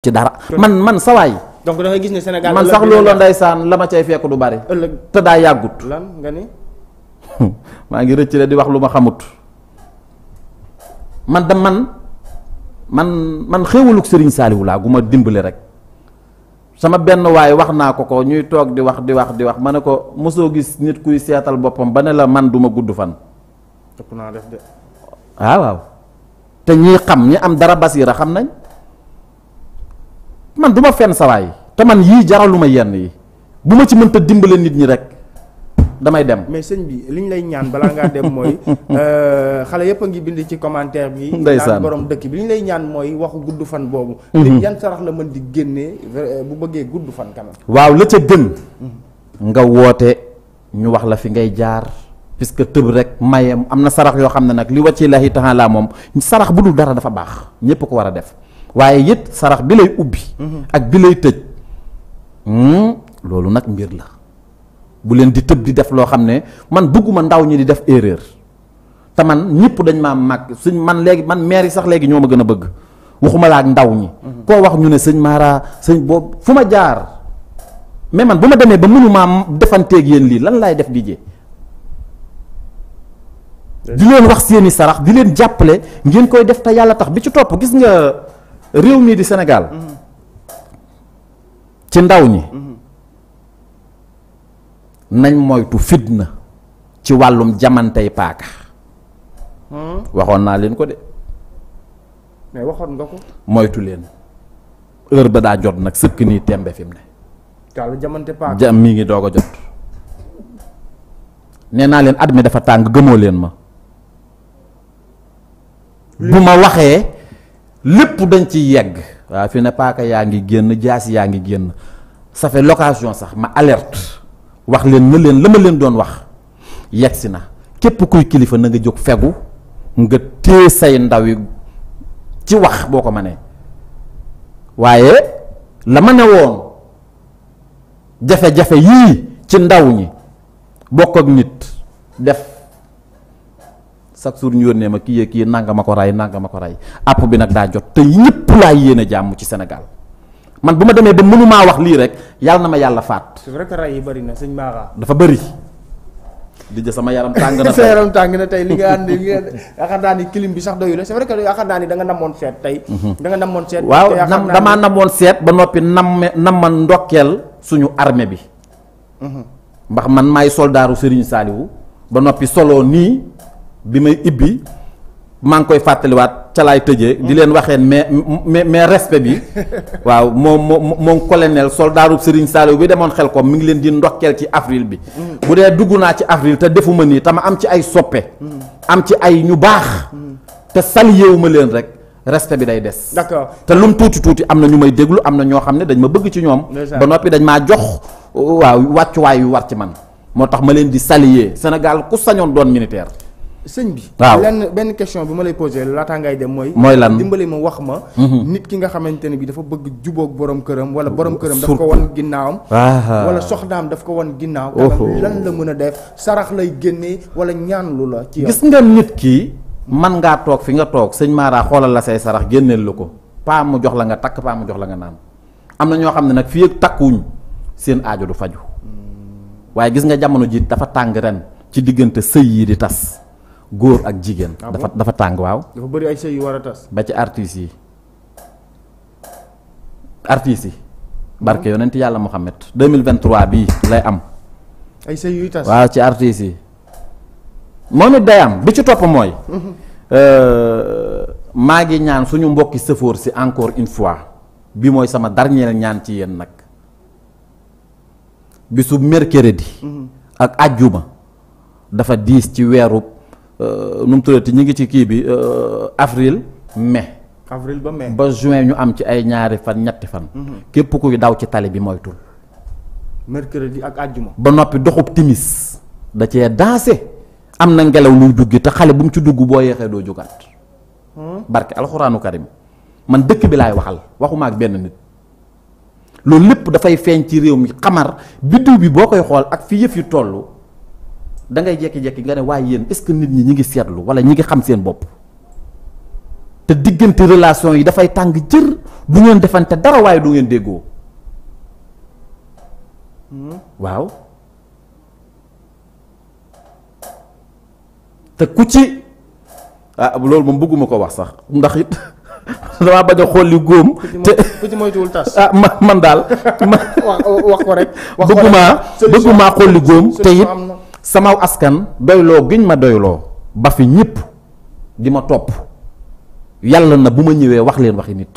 ci dara man man sawaay donc da ngay gis ne Sénégal man sax loolu ndeysaan la ma cay fekk du bari ëllëg te daa yàggut lan nga ni maa ngi rëcc di wax lu ma xamut man da man man man xéewaluk Serigne Saliou laa gu ma dimbale rek sama benn waay wax naa ko ko ñuy toog di wax di wax di wax ma ne ko mosoo gis nit kuy seetal boppam ba ne la man duma gudd fan waaw waaw te ñiy xam ñi am dara basiira xam nañ man du ma fenn sawaay te man yii jaraluma yenn yi bu ma ci mënta dimbale nit ñi rek damay dem. mais sëñ bi li ñu lay ñaan balaa ngaa dem mooy euh, xale yëpp a ngi bind ci commentaire bi. ndeysaan borom dëkk bi li ñu lay ñaan mooy waxu gudd fan boobu. Mhm. léegi yan sarax la mën di génnee euh, bu bëggee gudd fan kanam. waaw la ca gën. Mhm. nga woote ñu wax la fi ngay jaar. puisque tëb rek mayem am na sarax yoo xam ne nag li wàcci laahi taala moom sarax bu dul dara dafa baax ñépp ko war a def waaye it sarax bi lay ubbi ak bi lay tëj hmm, loolu nag mbir la bu leen di tëb di def loo xam ne man bëgguma ndaw ñi di def erreur te man ñëpp dañ maa màgg suñ man léegi man maire yi sax léegi ñoo ma gën a bëgg waxuma la ndaw ñi wax ñu ne sëñ Mara sëñ boobu fu ma jaar mais man bu ma demee ba mënumaa defanteeg yéen lii lan laay def di leen wax seeni di leen jàppale ngeen koy def te yàlla tax bi ci topp gis nga réew mii di Sénégal mhm. ci ndaw ñi mhm. nañ moytu fitna ci wàllum jamantey paaka hmm? waxoon naa leen ko de mais waxoon nga ko moytu leen heure ba daa jot nag sëkk nii tembe ne kaalu jamante paaka jam mii ngi doog a jot nee naa leen at mi dafa tàng gëmoo leen ma bu ma waxee lépp dañ ci yegg waaw fi paaka yaa ngi génn jaas yaa ngi génn ça fait sax ma alerte wax leen na leen la ma leen doon wax yegg si na képp kuy kilifa na nga jóg fegu nga téye say ndaw ci wax boo ko mënee waaye la ma ne woon jafe-jafe yii ci ndaw ñi bokk ak nit def chaque jour ñu yónnee ma kii yee kii nanga ma ko ray nanga ma ko ray app bi nag daa jot te ñëpp laay yéene jàmm ci Sénégal man bu ma demee ba mënumaa wax lii rek yàlla na ma yàlla faat. c'est vrai que ray na sëñ Bara dafa bari di jë sama yaram tàng na sa yaram tàng na tey li nga bi sax doyu la c'est vrai que yaakaar naa ni da nga namoon seet tey mhm. da nga namoon seet waaw ba noppi nam nam ma ndokkeel suñu armée bi mhm. ndax man maay soldaaru Serigne Saliou ba noppi solo nii bi may ibbi maa ngi koy fàttaliwaat ca laay tëje di leen waxee mais mais mais respect bi waaw moom moom moom colonel soldaaru Serigne Saliou bi demoon xel ko mi ngi leen di ndokkeel ci avril bi. Mm. bu dee dugg naa ci avril te defuma nii te ma am ci ay soppe. Mm. am ci ay ñu baax. Mm. te salué wu ma leen rek. reste bi day des. d'accord te lum tuuti tuuti am na ñu may déglu am na ñoo xam ne dañ ma bëgg ci ñoom. ba noppi dañ maa jox waaw wàccuwaay yu war ci man. moo tax ma leen di saluer Sénégal ku sañoon doon militaire. sëñ bi. waaw lenn benn question bi ma lay posé laataa ngay dem mooy. lan dimbali ma wax ma. Mhm. nit ki nga xamante ne bi dafa bëgg jubook borom këram. wala boroom këram daf ko wan ginnaawam. wala soxnaam daf ko wan ginnaaw. lan la mën a def sarax lay génnee wala ñaan lu la. ci yow nit ki man ngaa toog fi nga toog sëñ Mara xoolal la say sarax génneel la ko paa mu jox la nga takk paa mu jox la nga naan am na ñoo xam ne nag fii ak takkuwuñ seen aajo du faju hmm. waaye gis nga jamono ji dafa tàng ren ci diggante sëy yi di tas. góor ak jigéen. Ah dafa dafa tàng waaw. dafa bëri ay yu war a ba ci artistes yi artistes yi. barke ah yonent yàlla Muhammad 2023 bii lay am. ay sëy waaw ci artistes yi. moom it day bi ci topp mooy. Euh, maa ngi ñaan suñu mbokki sëfoor si encore une fois bi mooy sama dernier ñaan ci yéen nag bisu mercredi. Mm-hmm. ak àjjuma dafa diis ci weeru. Euh, nu mu ñu ngi ci kii bi euh, afril mais avril ba mais ba juin ñu am ci ay ñaari fan ñetti fan. Mhm. képp kuy daw ci tali bi moytul. mercredi ak àjjuma. ba noppi doxub timis da cee dansé am na ngelaw luy dugg te xale bu mu ci dugg boo yeexee doo jógaat. Hmm? barke alxuraanu karim man dëkk bi laay waxal waxuma ak benn nit. loolu lépp dafay feeñ ci réew mi xamar biddiw bi boo koy xool ak fi yëf yu toll. da ngay jekki-jekki nga ne waaye yéen est-ce que nit ñi ñi ngi seetlu wala ñi ngi xam seen bopp te diggante relation yi dafay tàng jër du ngeen defante dara waaye du ngeen déggoo waaw te ku ci ah loolu moom bëgguma ko wax sax ndax it damaa bañ a xool li góom. te ah man daal. wax ko rek. xolli ko góom te it. samaw askan doyloo giñ ma doyloo ba fi ñëpp di ma topp yàlla na bu ma ñëwee wax leen waxi nit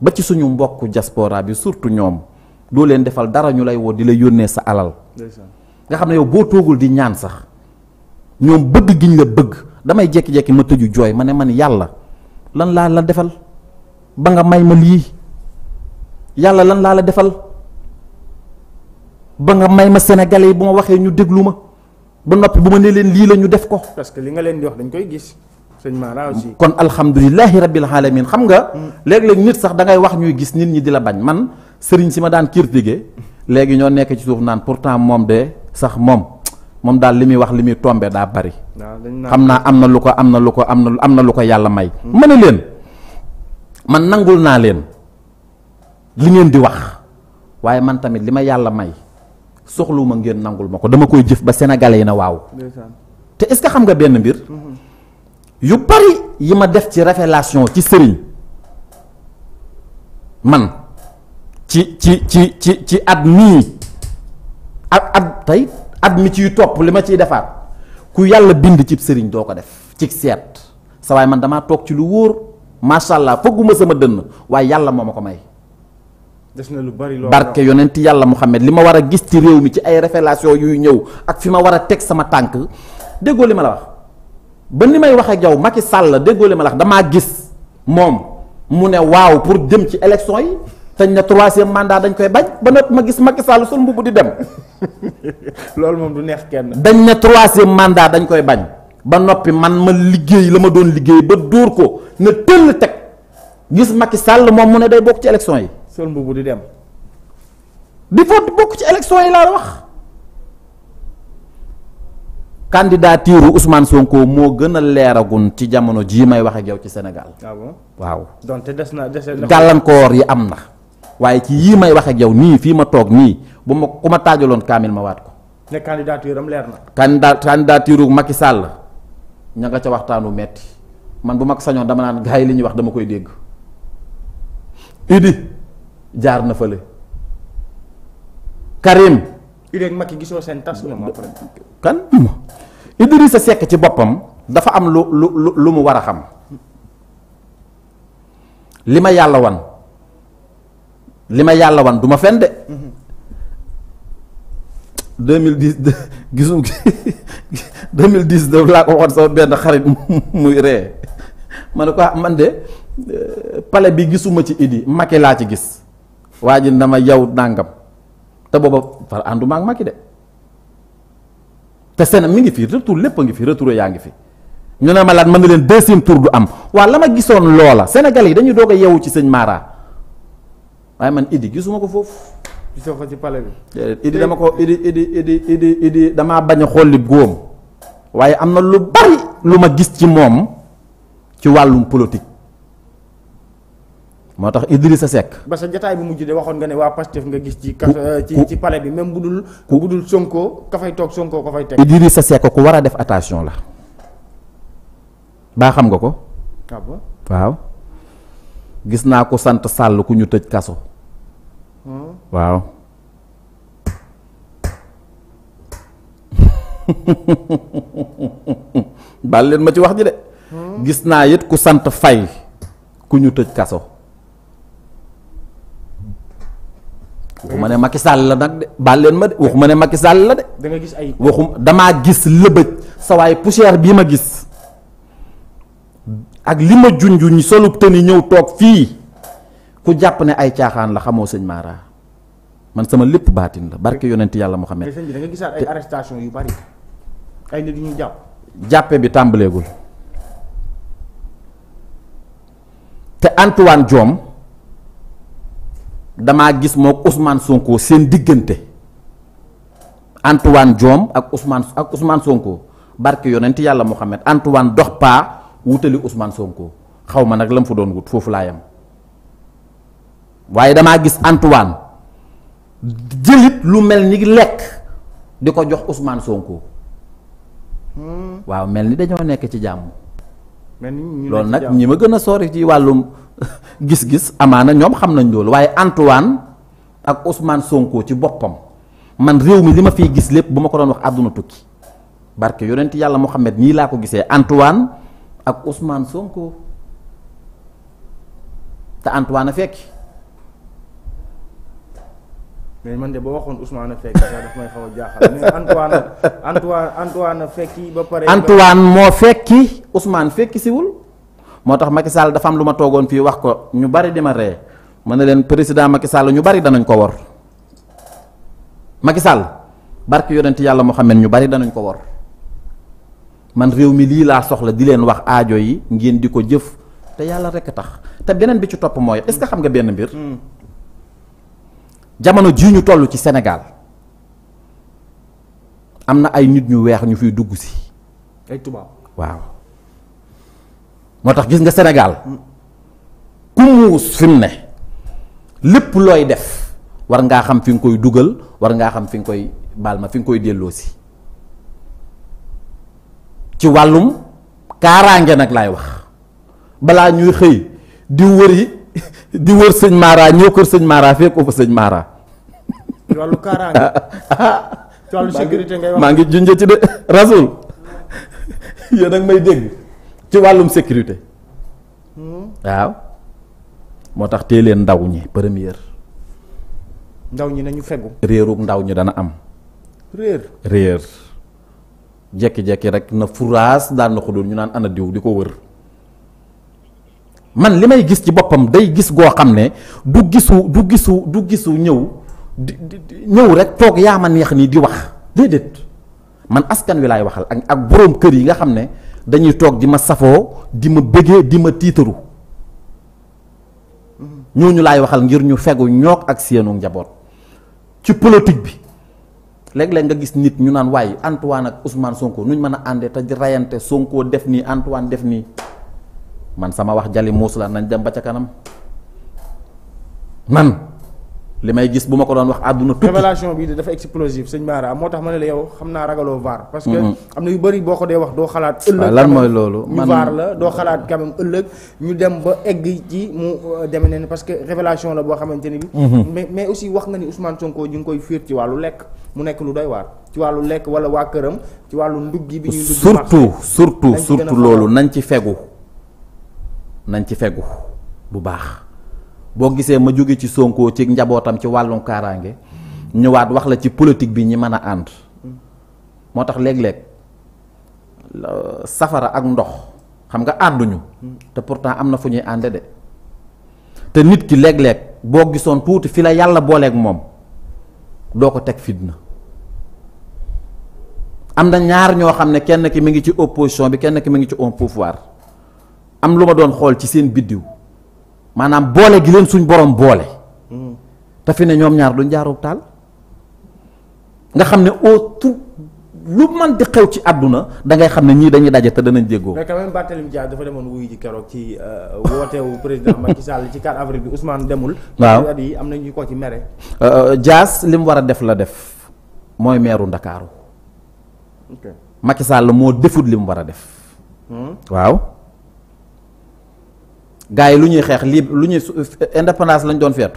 ba ci suñu mbokk diaspora bi surtout ñoom doo leen defal dara ñu lay woo di la yónnee sa alal nga xam ne yow boo toogul di ñaan sax ñoom bëgg giñ la bëgg damay jekki-jekki ma tëju jooy ma ne man yàlla lan laa la defal ba nga may ma lii yàlla lan laa la defal ba nga may ma sénégalais yi bu ma waxee ñu déglu ma ba noppi bu ma ne leen lii la ñu def ko. parce que li nga leen di wax koy gis. sëñ Mara aussi kon alhamdulilahi rabbil alamin xam nga. léeg-léeg nit sax dangay wax ñuy gis nit ñi di la bañ man sëriñ si ma daan kiir critiquer léegi ñoo nekk ci suuf naan pourtant moom de sax moom moom daal li muy wax li muy tombé daa bari. xam naa am na lu ko am na lu ko am na lu am na lu ko yàlla may. Hmm. ma ne leen man nangul naa leen li ngeen di wax waaye man tamit li ma yàlla may. soxlu ma ngeen nangul ma ko dama koy jëf ba sénégal yi na waaw. te est-ce que xam nga benn mbir. yu bari yi ma def ci révélation ci sëriñ man ci ci ci ci ci at mii ak at tey at mi ciy topp li ma ciy defaat ku yàlla bind ci sëriñ doo ko def ci seet sa waaye man damaa toog ci lu wóor macha allah fëgguma sama dënn waaye yàlla moo ma ko may. def na lu bari loo barke yonent yàlla Muhammad li ma war a gis ci réew mi ci ay révélation yuy ñëw ak fi ma war a teg sama tànk déggoo li ma la wax ba ni may wax ak yow Macky Sall déggoo li ma la wax damaa gis moom mu ne waaw pour jëm ci élection yi dañ na troisième mandat dañ koy bañ ba noppi ma gis Macky Sall sol mbubb di dem. loolu moom neex kenn. dañ ne troisième mandat dañ koy bañ ba noppi man ma liggéey la ma doon liggéey ba dóor ko ne tëll teg gis Macky Sall moom mu ne day bokk ci élection yi. sol mbubu di dem di vote bokk ci élection yi laa wax candidature usmaan Sonko moo gën a leeragun ci jamono ji may wax jaw ci senegal Ah waaw donc des na gàllankoor yi am na. waaye ci yii may wax jaw nii fii ma toog nii bu ma ku ma taajaloon kaamil ma waat ko. ne candidature am leer na. candidat candidature Macky Sall ña nga ca wu metti man bu mag sañoon dama naan gars li ñuy wax dama koy dégg. Idi. jaar na fële Karim. Idy ak Macky gisoo seen tas ñoom ci boppam dafa am lu lu lu mu war a xam li ma yàlla wan li ma yàlla wan du ma fen de. 2010 gisum 2019 laa ko waxoon sama benn xarit muy ree ma ne ko ah, man de euh, pale bi gisuma ci Idy Macky laa ci gis. waa ji na ma yow nàngam te booba far ànduma ak Macky de te seen mi ngi fi retour lépp a ngi fi retour yaa ngi fi ñu ne ma laat mën na leen deuxième tour du am waa la ma gisoon loola Sénégal yi dañu doog a ci sëñ Mara waaye man Idi gisuma ko foofu. gisoo ko ci palais dama ko Idi Idi Idi Idi Idi damaa bañ a xolli góom waaye am na lu bari lu ma gis ci moom ci wàllum politique. moo tax sa Seck. ba sa jotaay bu mujj de waxoon nga ne waa Pastef nga gis. ci ci ci palais bi même bu dul. bu dul Sonko ka fay toog sonkoo ka fay teg. Idrissa Seck ku war a def attention la baa nga ko. Ah waaw. gis naa ko sant sàll ku ñu tëj kaso. Hmm? waaw. leen ma ci wax ji de. Hmm? gis naa it ku sant fay ku ñu tëj kaso. waxuma ne Macky Sall la nag de baal leen ma de waxuma ne Macky Sall la de. da nga gis ay waxum damaa gis lëbëj sa waay poussière bii ma gis ak li ma junjuñ solub te ni ñëw toog fii ku jàpp ne ay caaxaan la xamoo sëñ Mara man sama lépp baatin la barke yonent yàlla Muhammad. mais sëñ bi da nga ay arrestation yu bari ay nit ñu jàpp. jàppe bi tàmbaleegul te Antoine Diome damaa gis mook Ousmane Sonko seen diggante antuwaan Diome ak usmaan ak Ousmane Sonko barke yonent yàlla Mouhamed antuwaan dox paa wutali Ousmane Sonko xaw ma nag la mu fa doon wut foofu laa yam waaye damaa gis antuwaan jëlit lu mel ni lekk di ko jox usmaan Sonko hmm. waaw mel ni dañoo nekk ci jàmm. loolu nag ñi ma gën a sori ci wàllum gis-gis amaana ñoom xam nañ loolu waaye antuwaan ak Ousmane Sonko ci boppam man réew mi li ma fiy gis lépp bu ma ko doon wax àdduna tukki barke yonent yàlla Muhammad nii laa ko gisee Antoine ak Ousmane Sonko te Antoine a fekki. mais man de boo waxoon Ousmane a fekki daf may xaw moo fekki. Ousmane fekki siwul moo tax Macky Sall dafa am lu ma toogoon fii wax ko ñu bari di ma ree ma ne leen président Macky Sall ñu bari danañ ko wor Macky Sall barke yonent yàlla Muhammad ñu bari danañ ko wor man réew mi lii laa soxla di leen wax aajo yi ngeen di ko jëf te yàlla rekk tax te beneen bi ci topp mooy est-ce que xam nga benn mbir. Hmm. jamono jii ñu toll ci Sénégal am na ay nit ñu weex ñu fiy dugg si. waaw. moo tax gis nga Sénégal ku muus fi ne lépp looy def war ngaa xam fi nga koy dugal war ngaa xam fi nga koy baal ma fi nga koy delloosi ci wàllum kaaraange nag laay wax balaa ñuy xëy di wëri di wër sëñ Mara ñëw kër sëñ Mara fekk ko fa sëñ Mara. ci wàllu kaaraange ci maa ngi junj ci de Rasoul yéen a may dégg. ci wàllum sécurité waaw moo tax tee leen ndaw ñi première. ndaw ñi nañu fegu. réerug ndaw ñi dana am. réer réer. jekki-jekki rek na furaas daan na ñu naan ana diw di ko wër man li may gis ci boppam day gis goo xam ne du gisu du gisu du gisu ñëw di ñëw rek toog yaa ma neex nii di wax déedéet man askan wi laay waxal ak ak boroom kër yi nga xam ne. dañuy toog di ma safoo di ma bëggee di ma tiitaru ñooñu laay waxal ngir ñu fegu ñook ak seenu njaboot ci politique bi léeg-léeg nga gis nit ñu naan waaye antuwaan ak Ousmane Sonko nuñ mën a àndee te di rayante Sonko def nii Antoine def nii man sama wax jali muus la nañ dem ba ca kanam man. li may gis bu ma ko doon wax àdduna tukki révélation bi dafa explosive sëñ Baara moo tax ma ne la yow xam naa ragaloo vaar parce que mm-hmm. am na yu bëri boo ko dee wax doo xalaat ëllëg lan mooy loolu ñu la doo xalaat quand même ñu dem ba egg ci mu euh, deme neen parce que révélation la boo xamante ni bi mm-hmm. mais mais aussi wax nga ni Ousmane Sonko ñu ngi koy fiir ci wàllu lekk mu nekk lu doy waar ci wàllu lekk wala waa këram ci wàllu nduggi bi ñuy ndugg surtout surtout surtout loolu nañ ci fegu nañ ci fegu baax boo gisee ma jóge ci Sonko ci njabootam ci wàllu kaaraange ñëwaat wax la ci politique bi ñi mën a ànd moo tax léeg-léeg safara ak ndox xam nga ànduñu te pourtant am na fu ñuy ànde de te nit ki léeg-léeg boo gisoon tuuti fi la yàlla booleek moom doo ko teg fitna am na ñaar ñoo xam ne kenn ki mu ngi ci opposition bi kenn ki mi ngi ci un poufoir am lu ma doon xool ci seen biddiw maanaam boole gi leen suñ borom boole. te fi ne ñoom ñaar duñ jaaroo taal. nga xam ne au tout lu man di xew ci àdduna da ngay xam ne ñii dañuy daje te danañ jéggoo. mais quand même Barthélémy Dias dafa demoon wuyu ji ci euh, wooteewu président Macky Sall ci 4 avril bi Ousmane demul. waaw at yi am na ñu ci mere. Euh, euh, Dias li war a def la def mooy meeru Ndakaaru. ok Macky Sall moo defut li mu war a def. Hmm? waaw. gars yi lu ñuy xeex lii lu ñuy indépendance lañ doon feetu